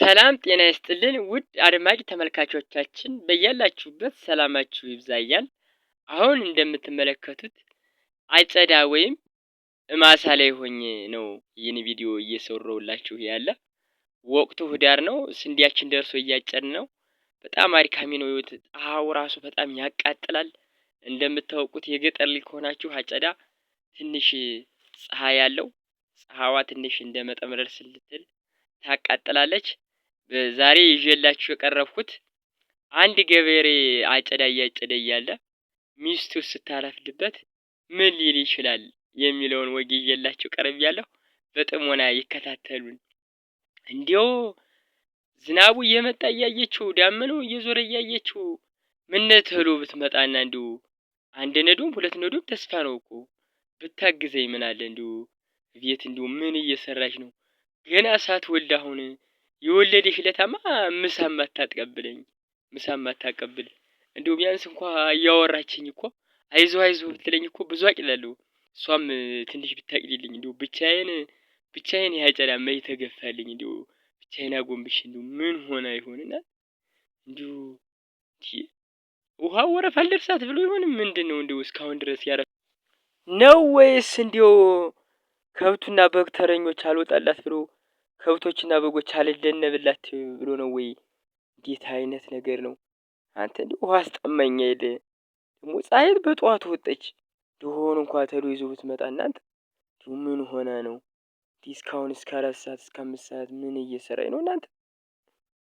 ሰላም ጤና ይስጥልን ውድ አድማጭ ተመልካቾቻችን በያላችሁበት ሰላማችሁ ይብዛያል። አሁን እንደምትመለከቱት አጨዳ ወይም እማሳ ላይ ሆኜ ነው ይህን ቪዲዮ እየሰራሁላችሁ ያለ። ወቅቱ ህዳር ነው። ስንዴያችን ደርሶ እያጨድን ነው። በጣም አድካሚ ነው። ይወት ፀሐዩ ራሱ በጣም ያቃጥላል። እንደምታውቁት የገጠር ልጅ ከሆናችሁ አጨዳ ትንሽ ፀሐይ ያለው ፀሐዋ ትንሽ እንደመጠምረር ስልትል ታቃጥላለች። ዛሬ ይዤላችሁ የቀረብኩት አንድ ገበሬ አጨዳ እያጨደ እያለ ሚስቱ ስታረፍድበት ምን ሊል ይችላል የሚለውን ወግ ይዤላችሁ ቀርብ ያለሁ። በጥሞና ይከታተሉን። እንዲው ዝናቡ እየመጣ እያየችው፣ ዳመናው እየዞረ እያየችው ምነት እህሉ ብትመጣና እንዲሁ አንድ ነዶም ሁለት ነዶም ተስፋ ነው እኮ ብታግዘኝ ምን አለ እንዲሁ ቤት እንዲሁ ምን እየሰራች ነው ገና እሳት ወልድ አሁን የወለደሽ ለታማ ምሳ አታቀብለኝ ምሳ ማታቀብል እንዲሁ ቢያንስ እንኳ እያወራችኝ እኮ አይዞ አይዞ ብትለኝ እኮ ብዙ አቅላለሁ። እሷም ትንሽ ብታቅልልኝ እንዲሁ ብቻዬን ብቻዬን ያጨላ መይ ተገፋልኝ እንዲሁ ብቻዬን አጎንብሽ እንዲሁ ምን ሆና ይሆንና እንዲሁ ውሃ ወረፋ አልደርሳት ብሎ ይሆን ምንድን ነው እንዲሁ እስካሁን ድረስ ያረ ነው ወይስ እንዲሁ ከብቱና በግ ተረኞች አልወጣላት ብሎ ከብቶችና በጎች አልደነብላችሁ ብሎ ነው ወይ? እንዴት አይነት ነገር ነው? አንተ እንዲህ ውሃ አስጠመኝ አይደ ደግሞ ፀሐይት በጠዋቱ ወጠች ድሆን እንኳ ተሎ ይዞ ብትመጣ እናንተ ምን ሆና ነው? እስካሁን እስከ አራት ሰዓት እስከ አምስት ሰዓት ምን እየሰራኝ ነው እናንተ?